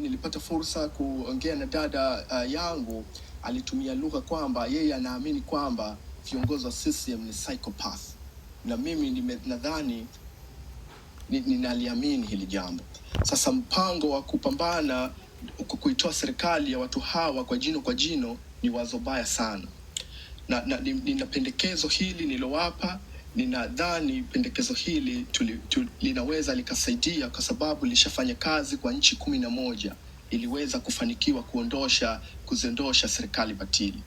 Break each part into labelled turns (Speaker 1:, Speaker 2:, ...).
Speaker 1: nilipata fursa kuongea na dada uh, yangu alitumia lugha kwamba yeye anaamini kwamba viongozi wa CCM ni psychopath, na mimi nadhani ninaliamini hili jambo. Sasa mpango wa kupambana kuitoa serikali ya watu hawa kwa jino kwa jino ni wazo baya sana, na, na nina pendekezo hili nilowapa ninadhani pendekezo hili tuli, tuli, linaweza likasaidia kwa sababu lishafanya kazi kwa nchi kumi na moja iliweza kufanikiwa kuondosha kuziondosha serikali batili.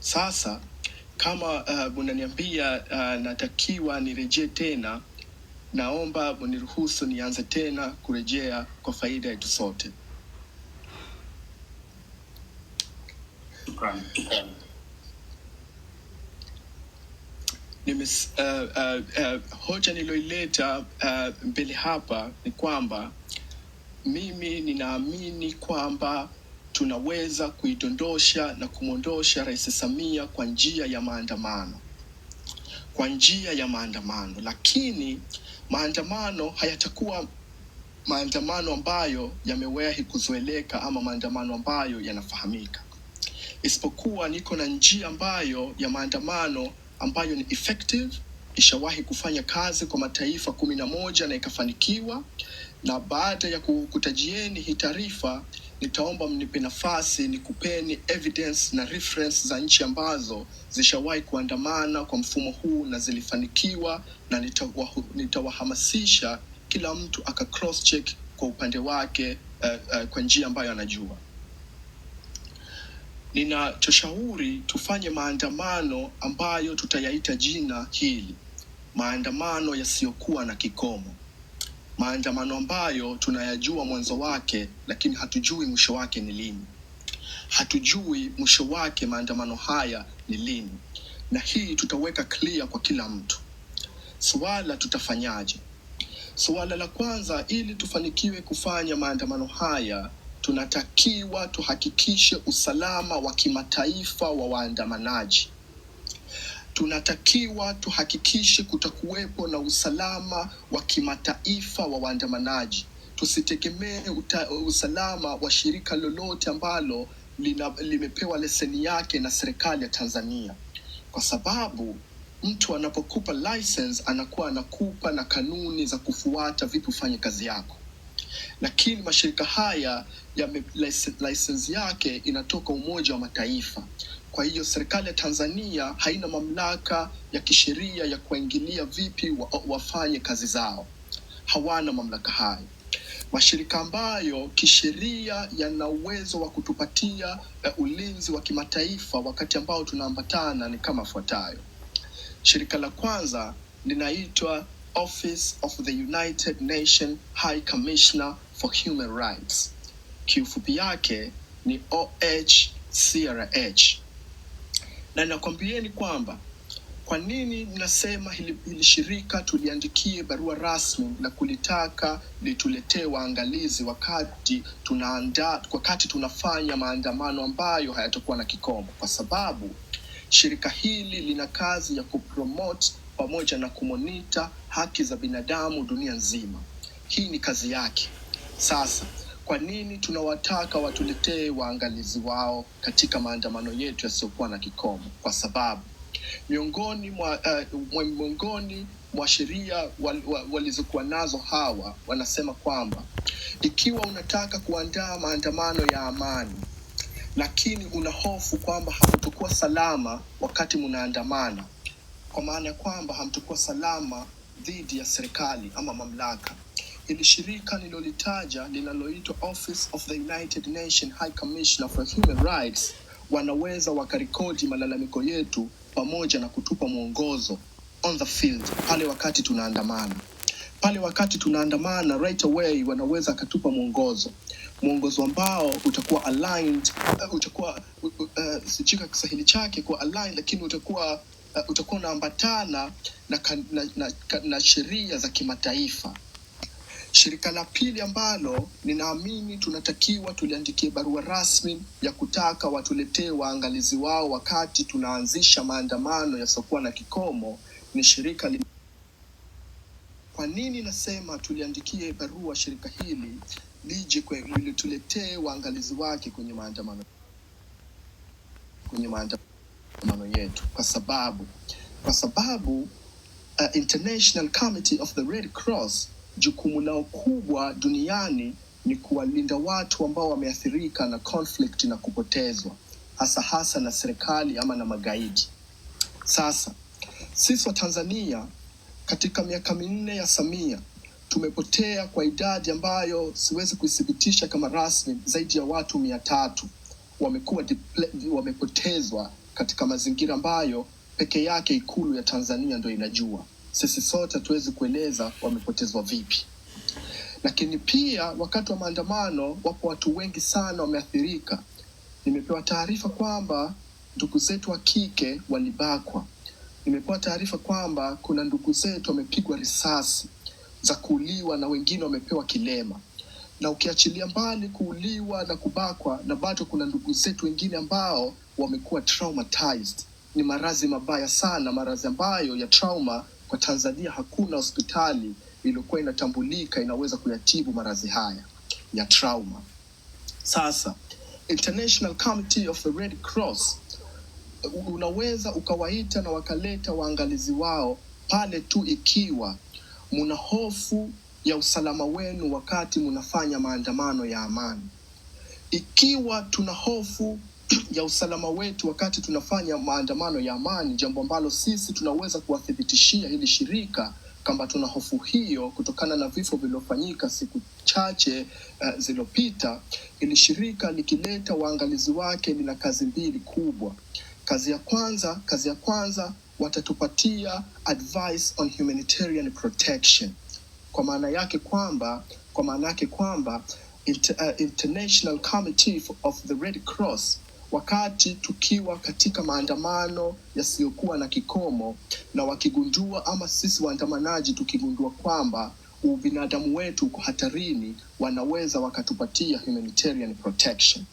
Speaker 1: Sasa kama uh, unaniambia uh, natakiwa nirejee tena, naomba uniruhusu nianze tena kurejea kwa faida yetu sote. nimes, uh, uh, uh, hoja niliyoileta uh, mbele hapa ni kwamba mimi ninaamini kwamba tunaweza kuidondosha na kumwondosha Rais Samia kwa njia ya maandamano, kwa njia ya maandamano, lakini maandamano hayatakuwa maandamano ambayo yamewahi kuzoeleka ama maandamano ambayo yanafahamika, isipokuwa niko na njia ambayo ya maandamano ambayo ni effective, ishawahi kufanya kazi kwa mataifa kumi na moja na ikafanikiwa. Na baada ya kukutajieni hii taarifa, nitaomba mnipe nafasi kupeni evidence na reference za nchi ambazo zishawahi kuandamana kwa mfumo huu na zilifanikiwa, na nitawahamasisha nita kila mtu aka cross check kwa upande wake, uh, uh, kwa njia ambayo anajua ninachoshauri tufanye maandamano ambayo tutayaita jina hili, maandamano yasiyokuwa na kikomo, maandamano ambayo tunayajua mwanzo wake, lakini hatujui mwisho wake ni lini. Hatujui mwisho wake maandamano haya ni lini, na hii tutaweka clear kwa kila mtu. Suala tutafanyaje? Suala la kwanza, ili tufanikiwe kufanya maandamano haya tunatakiwa tuhakikishe usalama wa kimataifa wa waandamanaji. Tunatakiwa tuhakikishe kutakuwepo na usalama wa kimataifa wa waandamanaji. Tusitegemee usalama wa shirika lolote ambalo lina, limepewa leseni yake na serikali ya Tanzania kwa sababu mtu anapokupa license anakuwa anakupa na kanuni za kufuata vipi ufanye kazi yako lakini mashirika haya ya lisensi yake inatoka Umoja wa Mataifa. Kwa hiyo serikali ya Tanzania haina mamlaka ya kisheria ya kuwaingilia vipi wa, wafanye kazi zao, hawana mamlaka hayo. Mashirika ambayo kisheria yana uwezo wa kutupatia uh, ulinzi wa kimataifa wakati ambao tunaambatana ni kama fuatayo. Shirika la kwanza linaitwa office of the United Nations High Commissioner for Human Rights. Kiufupi yake ni OHCRH. Na nakwambieni kwamba kwa nini nasema hili, hili shirika tuliandikie barua rasmi na kulitaka lituletee waangalizi wakati tunaanda, wakati tunafanya maandamano ambayo hayatakuwa na kikomo, kwa sababu shirika hili lina kazi ya kupromote pamoja na kumonita haki za binadamu dunia nzima. Hii ni kazi yake. Sasa kwa nini tunawataka watuletee waangalizi wao katika maandamano yetu yasiyokuwa na kikomo? Kwa sababu miongoni mwa, uh, miongoni mwa sheria wal, walizokuwa nazo hawa wanasema kwamba ikiwa unataka kuandaa maandamano ya amani, lakini una hofu kwamba hakutokuwa salama wakati mnaandamana kwa maana ya kwamba hamtakuwa salama dhidi ya serikali ama mamlaka. Hili shirika nilolitaja linaloitwa Office of the United Nations High Commissioner for Human Rights wanaweza wakarekodi malalamiko yetu pamoja na kutupa mwongozo on the field pale wakati tunaandamana pale wakati tunaandamana right away, wanaweza akatupa mwongozo, mwongozo ambao utakuwa aligned, eh, utakuwa uh, eh, eh, sijui Kiswahili chake kwa aligned, lakini utakuwa uh, utakuwa unaambatana na, na, na, na sheria za kimataifa. Shirika la pili ambalo ninaamini tunatakiwa tuliandikie barua rasmi ya kutaka watuletee waangalizi wao wakati tunaanzisha maandamano yasiokuwa na kikomo ni shirika li... Kwa nini nasema tuliandikie barua shirika hili lije lituletee waangalizi wake kwenye maandamano kwenye maandamano mapambano yetu, kwa sababu kwa sababu uh, International Committee of the Red Cross jukumu lao kubwa duniani ni kuwalinda watu ambao wameathirika na conflict na kupotezwa hasa hasa na serikali ama na magaidi. Sasa sisi wa Tanzania katika miaka minne ya Samia tumepotea kwa idadi ambayo siwezi kuithibitisha kama rasmi, zaidi ya watu mia tatu wamekuwa wamepotezwa katika mazingira ambayo peke yake Ikulu ya Tanzania ndio inajua. Sisi sote hatuwezi kueleza wamepotezwa vipi. Lakini pia wakati wa maandamano, wapo watu wengi sana wameathirika. Nimepewa taarifa kwamba ndugu zetu wa kike walibakwa. Nimepewa taarifa kwamba kuna ndugu zetu wamepigwa risasi za kuuliwa na wengine wamepewa kilema na ukiachilia mbali kuuliwa na kubakwa, na bado kuna ndugu zetu wengine ambao wamekuwa traumatized. Ni maradhi mabaya sana, maradhi ambayo ya trauma. Kwa Tanzania hakuna hospitali iliyokuwa inatambulika inaweza kuyatibu maradhi haya ya trauma. Sasa International Committee of the Red Cross unaweza ukawaita na wakaleta waangalizi wao pale tu ikiwa muna hofu ya usalama wenu wakati mnafanya maandamano ya amani. Ikiwa tuna hofu ya usalama wetu wakati tunafanya maandamano ya amani, jambo ambalo sisi tunaweza kuwathibitishia hili shirika kwamba tuna hofu hiyo kutokana na vifo vilivyofanyika siku chache uh, zilizopita. Hili shirika likileta waangalizi wake lina kazi mbili kubwa. Kazi ya kwanza, kazi ya kwanza watatupatia advice on humanitarian protection kwa maana yake kwamba kwa maana yake kwamba inter, uh, International Committee of the Red Cross wakati tukiwa katika maandamano yasiyokuwa na kikomo, na wakigundua ama sisi waandamanaji tukigundua kwamba ubinadamu wetu uko hatarini, wanaweza wakatupatia humanitarian protection.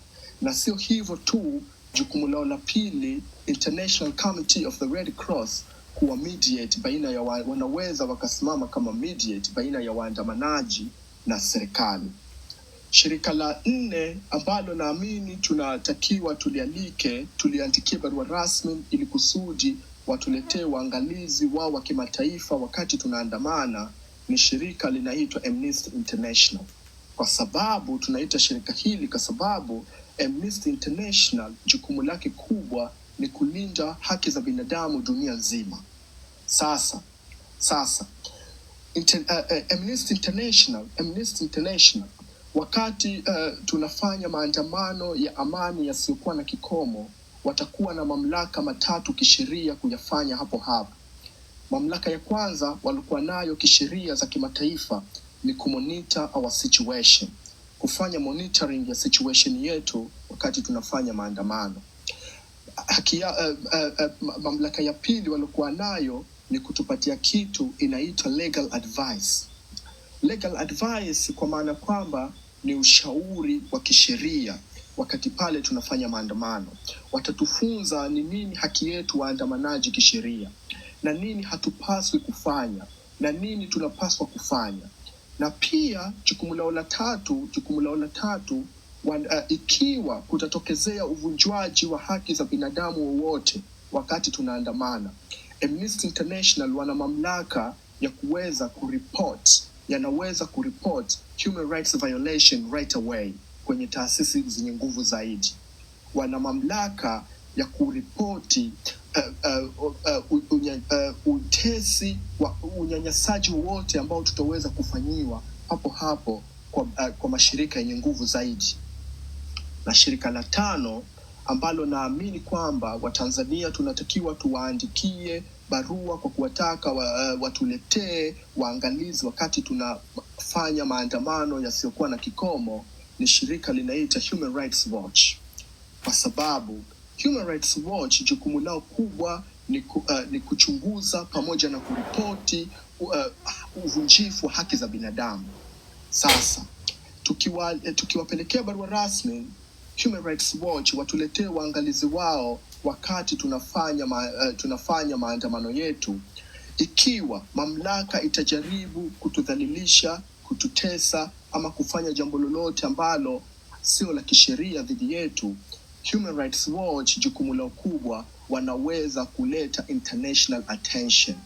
Speaker 1: Na sio hivyo tu, jukumu lao la pili, International Committee of the Red Cross kuwa mediate baina ya wa, wanaweza wakasimama kama mediate baina ya waandamanaji na serikali. Shirika la nne ambalo naamini tunatakiwa tulialike, tuliandikie barua rasmi ili kusudi watuletee waangalizi wao wa kimataifa wakati tunaandamana ni shirika linaitwa Amnesty International. Kwa sababu tunaita shirika hili kwa sababu Amnesty International jukumu lake kubwa ni kulinda haki za binadamu dunia nzima. Sasa sasa Inter, uh, uh, Amnesty International, Amnesty International wakati uh, tunafanya maandamano ya amani yasiyokuwa na kikomo, watakuwa na mamlaka matatu kisheria kuyafanya hapo hapo. Mamlaka ya kwanza walikuwa nayo kisheria za kimataifa ni kumonita our situation, kufanya monitoring ya situation yetu wakati tunafanya maandamano. Hakia, uh, uh, uh, mamlaka ya pili walikuwa nayo ni kutupatia kitu inaitwa legal advice. Legal advice kwa maana kwamba ni ushauri wa kisheria wakati pale tunafanya maandamano, watatufunza ni nini haki yetu waandamanaji kisheria, na nini hatupaswi kufanya, na nini tunapaswa kufanya. Na pia jukumu lao la tatu, jukumu lao la tatu wan, uh, ikiwa kutatokezea uvunjwaji wa haki za binadamu wowote wakati tunaandamana Amnesty International wana mamlaka ya kuweza kuripot, yanaweza kuripot human rights violation right away kwenye taasisi zenye nguvu zaidi. Wana mamlaka ya kuripoti uh, eh, eh, uh, eh, uh, uh, utesi wa unyanyasaji wote ambao tutaweza kufanyiwa hapo hapo kwa, uh, kwa mashirika yenye nguvu zaidi. Na shirika la tano ambalo naamini kwamba Watanzania tunatakiwa tuwaandikie barua kwa kuwataka wa, uh, watuletee waangalizi wakati tunafanya maandamano yasiyokuwa na kikomo ni shirika linaita Human Rights Watch, kwa sababu Human Rights Watch jukumu lao kubwa ni, ku, uh, ni kuchunguza pamoja na kuripoti uh, uvunjifu wa haki za binadamu. Sasa tukiwa, tukiwapelekea barua rasmi Human Rights Watch watuletee waangalizi wao wakati tunafanya, ma, uh, tunafanya maandamano yetu. Ikiwa mamlaka itajaribu kutudhalilisha, kututesa ama kufanya jambo lolote ambalo sio la kisheria dhidi yetu, Human Rights Watch jukumu lao kubwa, wanaweza kuleta international attention.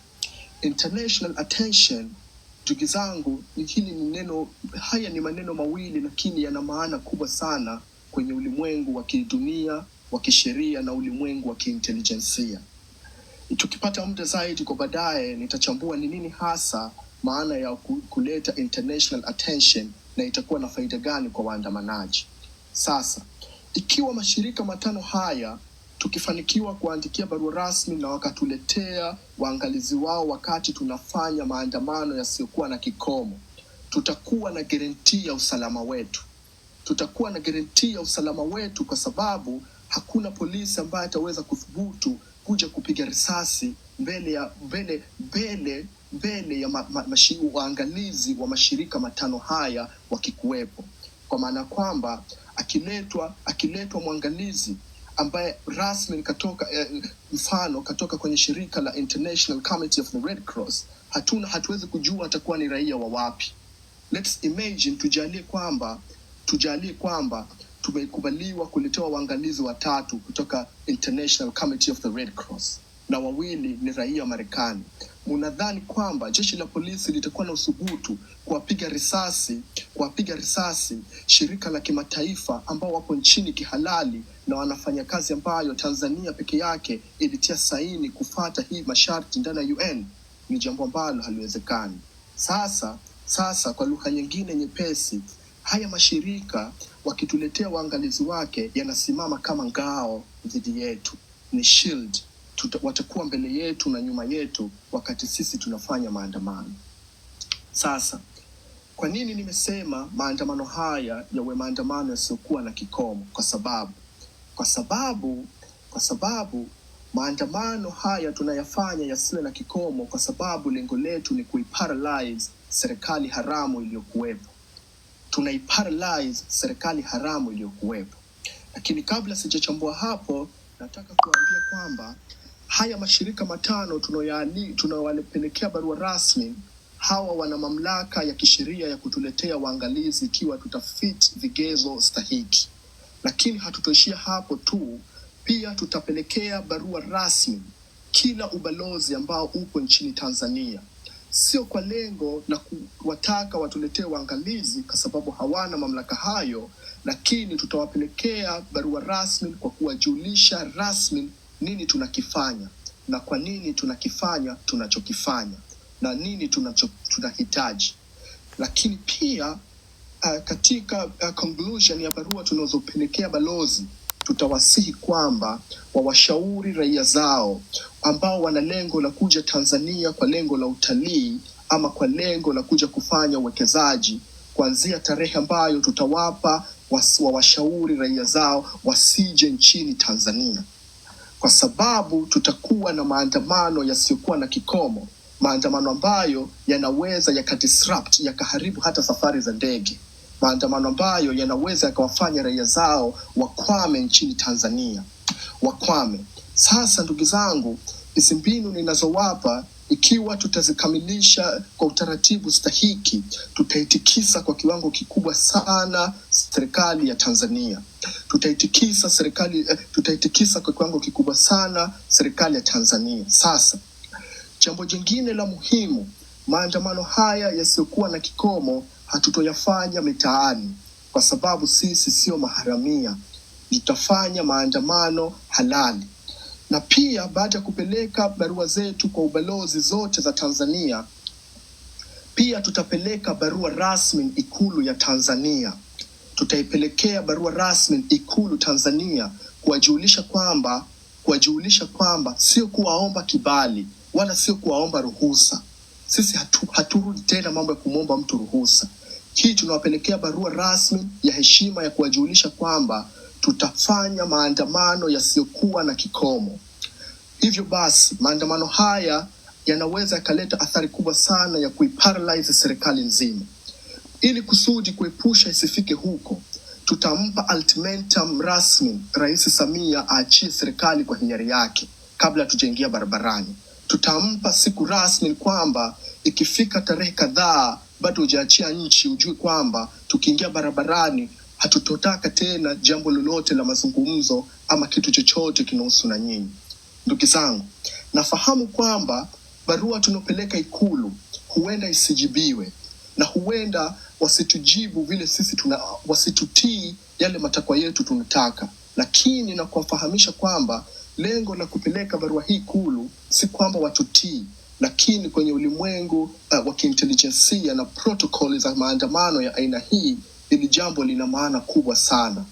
Speaker 1: International attention, ndugu zangu, hili ni neno, haya ni maneno mawili lakini yana maana kubwa sana kwenye ulimwengu wa kidunia wa kisheria na ulimwengu wa kiintelijensia. Tukipata muda zaidi kwa baadaye, nitachambua ni nini hasa maana ya kuleta international attention na itakuwa na faida gani kwa waandamanaji. Sasa, ikiwa mashirika matano haya tukifanikiwa kuandikia barua rasmi na wakatuletea waangalizi wao wakati tunafanya maandamano yasiyokuwa na kikomo, tutakuwa na garantii ya usalama wetu tutakuwa na garanti ya usalama wetu, kwa sababu hakuna polisi ambaye ataweza kuthubutu kuja kupiga risasi mbele ya mbele mbele mbele ya ma, ma, mashi, waangalizi wa mashirika matano haya wakikuwepo, kwa maana kwamba akiletwa akiletwa mwangalizi ambaye rasmi katoka eh, mfano katoka kwenye shirika la International Committee of the Red Cross, hatuna hatuwezi kujua atakuwa ni raia wa wapi. Let's imagine, tujalie kwamba tujalie kwamba tumekubaliwa kuletewa waangalizi watatu kutoka International Committee of the Red Cross na wawili ni raia wa Marekani. Munadhani kwamba jeshi la polisi litakuwa na uthubutu kuwapiga risasi kuwapiga risasi shirika la kimataifa ambao wapo nchini kihalali na wanafanya kazi ambayo Tanzania peke yake ilitia saini kufata hii masharti ndani ya UN? Ni jambo ambalo haliwezekani. Sasa sasa, kwa lugha nyingine nyepesi haya mashirika wakituletea waangalizi wake yanasimama kama ngao dhidi yetu, ni shield. Tuta, watakuwa mbele yetu na nyuma yetu wakati sisi tunafanya maandamano. Sasa kwa nini nimesema maandamano haya yawe maandamano yasiyokuwa na kikomo? Kwa sababu kwa sababu kwa sababu maandamano haya tunayafanya yasiwe na kikomo, kwa sababu lengo letu ni kuiparalyze serikali haramu iliyokuwepo tunaiparalyze serikali haramu iliyokuwepo. Lakini kabla sijachambua hapo, nataka kuambia kwamba haya mashirika matano tunawapelekea barua rasmi, hawa wana mamlaka ya kisheria ya kutuletea waangalizi ikiwa tutafit vigezo stahiki. Lakini hatutoishia hapo tu, pia tutapelekea barua rasmi kila ubalozi ambao uko nchini Tanzania sio kwa lengo la kuwataka watuletee waangalizi kwa sababu hawana mamlaka hayo, lakini tutawapelekea barua rasmi kwa kuwajulisha rasmi nini tunakifanya na kwa nini tunakifanya tunachokifanya na nini tunacho, tunahitaji. Lakini pia uh, katika uh, conclusion ya barua tunazopelekea balozi tutawasihi kwamba wawashauri raia zao ambao wana lengo la kuja Tanzania kwa lengo la utalii ama kwa lengo la kuja kufanya uwekezaji, kuanzia tarehe ambayo tutawapa wawashauri raia zao wasije nchini Tanzania, kwa sababu tutakuwa na maandamano yasiyokuwa na kikomo, maandamano ambayo yanaweza yakadisrupt, yakaharibu hata safari za ndege maandamano ambayo yanaweza yakawafanya raia zao wakwame nchini Tanzania, wakwame. Sasa ndugu zangu, hizi mbinu ninazowapa ikiwa tutazikamilisha kwa utaratibu stahiki, tutaitikisa kwa kiwango kikubwa sana serikali ya Tanzania, tutaitikisa serikali, eh, tutaitikisa kwa kiwango kikubwa sana serikali ya Tanzania. Sasa jambo jingine la muhimu, maandamano haya yasiyokuwa na kikomo hatutoyafanya mitaani, kwa sababu sisi sio maharamia. Tutafanya maandamano halali. Na pia baada ya kupeleka barua zetu kwa ubalozi zote za Tanzania, pia tutapeleka barua rasmi Ikulu ya Tanzania. Tutaipelekea barua rasmi Ikulu Tanzania kuwajulisha kwamba kuwajulisha kwamba sio kuwaomba kibali wala sio kuwaomba ruhusa. Sisi hatu, haturudi tena mambo ya kumwomba mtu ruhusa. Hii tunawapelekea barua rasmi ya heshima ya kuwajulisha kwamba tutafanya maandamano yasiyokuwa na kikomo. Hivyo basi, maandamano haya yanaweza yakaleta athari kubwa sana ya kuiparalyze serikali nzima. Ili kusudi kuepusha isifike huko, tutampa ultimatum rasmi Rais Samia aachie serikali kwa hiari yake kabla hatujaingia barabarani. Tutampa siku rasmi kwamba ikifika tarehe kadhaa bado hujaachia nchi, ujue kwamba tukiingia barabarani hatutotaka tena jambo lolote la mazungumzo ama kitu chochote kinahusu na nyinyi. Ndugu zangu, nafahamu kwamba barua tunaopeleka Ikulu huenda isijibiwe na huenda wasitujibu vile sisi tuna, wasitutii yale matakwa yetu tunataka, lakini na kuwafahamisha kwamba lengo la kupeleka barua hii Ikulu si kwamba watutii lakini kwenye ulimwengu uh, wa kiintelijensia na protokoli za maandamano ya aina hii, hili jambo lina maana kubwa sana,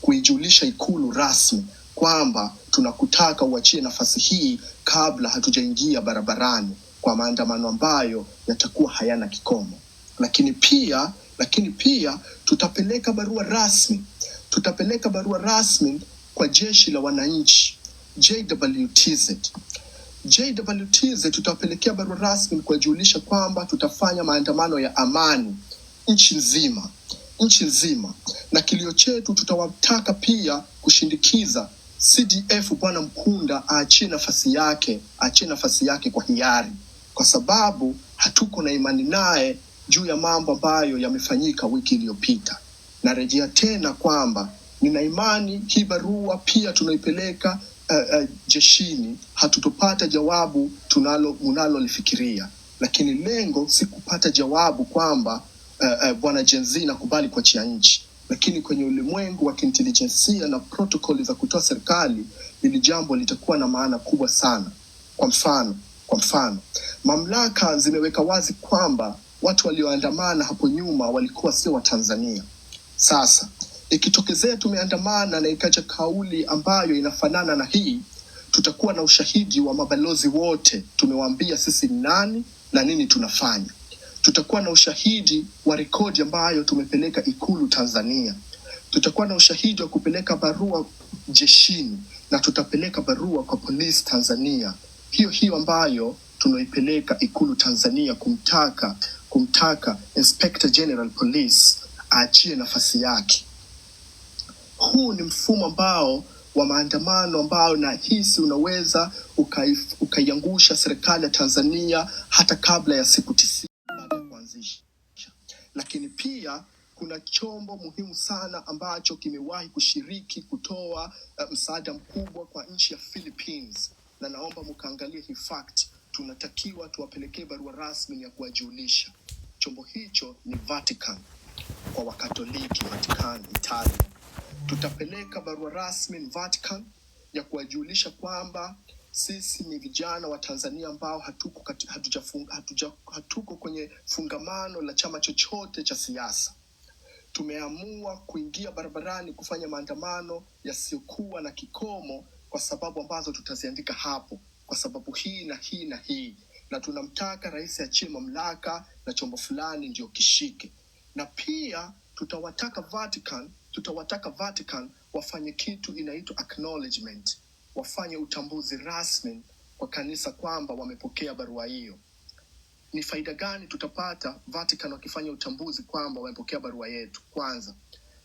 Speaker 1: kuijulisha ikulu rasmi kwamba tunakutaka uachie nafasi hii kabla hatujaingia barabarani kwa maandamano ambayo yatakuwa hayana kikomo. Lakini pia lakini pia tutapeleka barua rasmi, tutapeleka barua rasmi kwa jeshi la wananchi JWTZ JWTZ tutawapelekea barua rasmi kuwajulisha kwamba tutafanya maandamano ya amani nchi nzima, nchi nzima, na kilio chetu tutawataka pia kushindikiza CDF Bwana Mkunda aachie nafasi yake, aachie nafasi yake kwa hiari, kwa sababu hatuko na imani naye juu ya mambo ambayo yamefanyika wiki iliyopita. Narejea tena kwamba nina imani hii barua pia tunaipeleka uh, uh, jeshini hatutopata jawabu tunalo unalolifikiria lakini lengo si kupata jawabu kwamba uh, uh, bwana jenzi Z nakubali kuachia nchi, lakini kwenye ulimwengu wa kiintelijensia na protokoli za kutoa serikali, hili jambo litakuwa na maana kubwa sana. Kwa mfano, kwa mfano mamlaka zimeweka wazi kwamba watu walioandamana hapo nyuma walikuwa sio Watanzania. Sasa Ikitokezea tumeandamana na ikaja kauli ambayo inafanana na hii, tutakuwa na ushahidi wa mabalozi wote, tumewaambia sisi ni nani na nini tunafanya. Tutakuwa na ushahidi wa rekodi ambayo tumepeleka Ikulu Tanzania. Tutakuwa na ushahidi wa kupeleka barua jeshini na tutapeleka barua kwa polisi Tanzania, hiyo hiyo ambayo tunaipeleka Ikulu Tanzania kumtaka kumtaka Inspector General Police aachie nafasi yake. Huu ni mfumo ambao wa maandamano ambao nahisi unaweza ukaiangusha serikali ya Tanzania hata kabla ya siku tisini kuanzisha. Lakini pia kuna chombo muhimu sana ambacho kimewahi kushiriki kutoa uh, msaada mkubwa kwa nchi ya Philippines, na naomba mkaangalie hii fact. Tunatakiwa tuwapelekee barua rasmi ya kuwajulisha. Chombo hicho ni Vatican, kwa Wakatoliki Vatican Italia tutapeleka barua rasmi Vatican ya kuwajulisha kwamba sisi ni vijana wa Tanzania ambao hatuko, hatuja, hatuja, hatuko kwenye fungamano la chama chochote cha siasa. Tumeamua kuingia barabarani kufanya maandamano yasiyokuwa na kikomo kwa sababu ambazo tutaziandika hapo, kwa sababu hii na hii na hii, na tunamtaka rais achie mamlaka na chombo fulani ndio kishike, na pia tutawataka Vatican, tutawataka Vatican wafanye kitu inaitwa acknowledgement, wafanye utambuzi rasmi kwa kanisa kwamba wamepokea barua hiyo. Ni faida gani tutapata Vatican wakifanya utambuzi kwamba wamepokea barua yetu? Kwanza,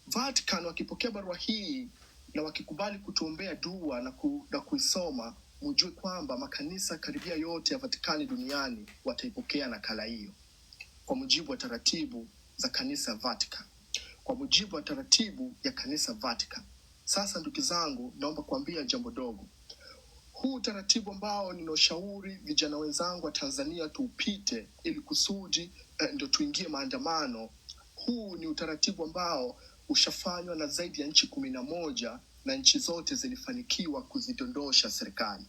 Speaker 1: Vatican wakipokea barua hii na wakikubali kutuombea dua na, ku, na kuisoma, mujue kwamba makanisa karibia yote ya Vatikani duniani wataipokea nakala hiyo kwa mujibu wa taratibu za kanisa Vatican kwa mujibu wa taratibu ya kanisa Vatican. Sasa ndugu zangu, naomba kuambia jambo dogo. Huu utaratibu ambao ninaoshauri vijana wenzangu wa Tanzania tuupite ili kusudi eh, ndo tuingie maandamano. Huu ni utaratibu ambao ushafanywa na zaidi ya nchi kumi na moja na nchi zote zilifanikiwa kuzidondosha serikali.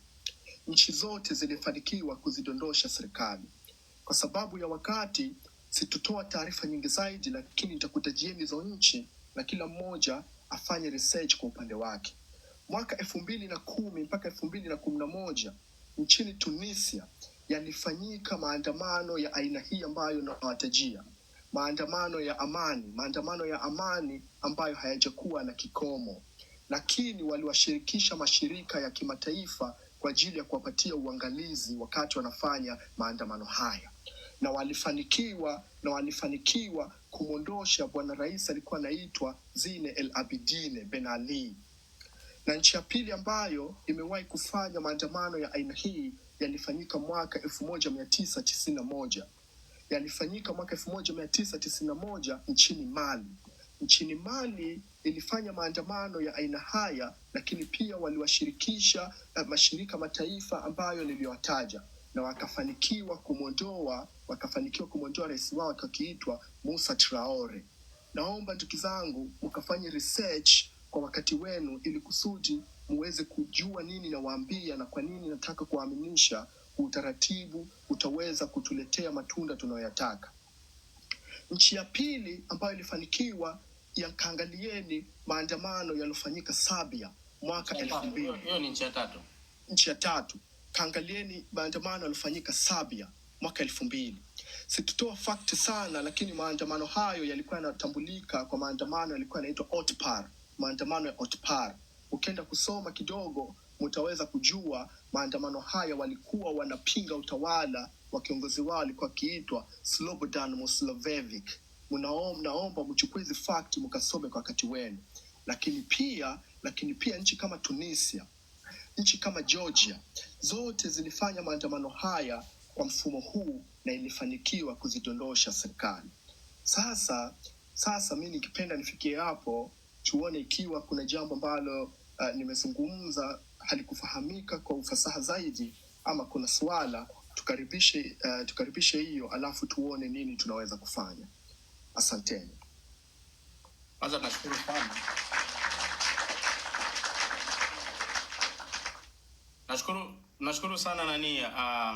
Speaker 1: Nchi zote zilifanikiwa kuzidondosha serikali kwa sababu ya wakati Sitotoa taarifa nyingi zaidi, lakini jieni za nchi na kila mmoja afanye research kwa upande wake. Mwaka elfu mbili na kumi mpaka elfu mbili na kumi na moja nchini Tunisia yalifanyika maandamano ya aina hii ambayo nawatajia, maandamano ya amani, maandamano ya amani ambayo hayajakuwa na kikomo, lakini waliwashirikisha mashirika ya kimataifa kwa ajili ya kuwapatia uangalizi wakati wanafanya maandamano haya na walifanikiwa na walifanikiwa kumwondosha bwana rais alikuwa anaitwa Zine El Abidine Ben Ali. Na nchi ya pili ambayo imewahi kufanya maandamano ya aina hii yalifanyika mwaka elfu moja mia tisa tisini na moja yalifanyika mwaka elfu moja mia tisa tisini na moja nchini Mali. Nchini Mali ilifanya maandamano ya aina haya, lakini pia waliwashirikisha eh, mashirika mataifa ambayo niliyowataja na wakafanikiwa kumwondoa wakafanikiwa kumwondoa rais wao akakiitwa Musa Traore. Naomba ndugu zangu, mkafanye research kwa wakati wenu, ili kusudi muweze kujua nini nawaambia na kwa nini nataka kuwaaminisha. Utaratibu utaweza kutuletea matunda tunayoyataka. Nchi ya pili ambayo ilifanikiwa, yakaangalieni maandamano yaliyofanyika Sabia mwaka elfu mbili.
Speaker 2: Hiyo ni nchi ya tatu.
Speaker 1: Nchi ya tatu, kaangalieni maandamano yaliyofanyika Sabia mwaka elfu mbili. Situtoa fakti sana, lakini maandamano hayo yalikuwa yanatambulika kwa maandamano yalikuwa yanaitwa Otpar, maandamano ya Otpar. Ukienda kusoma kidogo, mutaweza kujua maandamano haya walikuwa wanapinga utawala wa kiongozi wao alikuwa akiitwa Slobodan Milosevic. Mnaomba mchukue hizi fakti mkasome kwa wakati wenu, lakini pia lakini pia nchi kama Tunisia, nchi kama Georgia zote zilifanya maandamano haya kwa mfumo huu na ilifanikiwa kuzidondosha serikali. Sasa sasa mi nikipenda nifikie hapo, tuone ikiwa kuna jambo ambalo uh, nimezungumza halikufahamika kwa ufasaha zaidi, ama kuna swala tukaribishe uh, tukaribishe hiyo, alafu tuone nini tunaweza kufanya. Asanteni. Kwanza nashukuru sana,
Speaker 2: nashukuru nashukuru sana nani uh...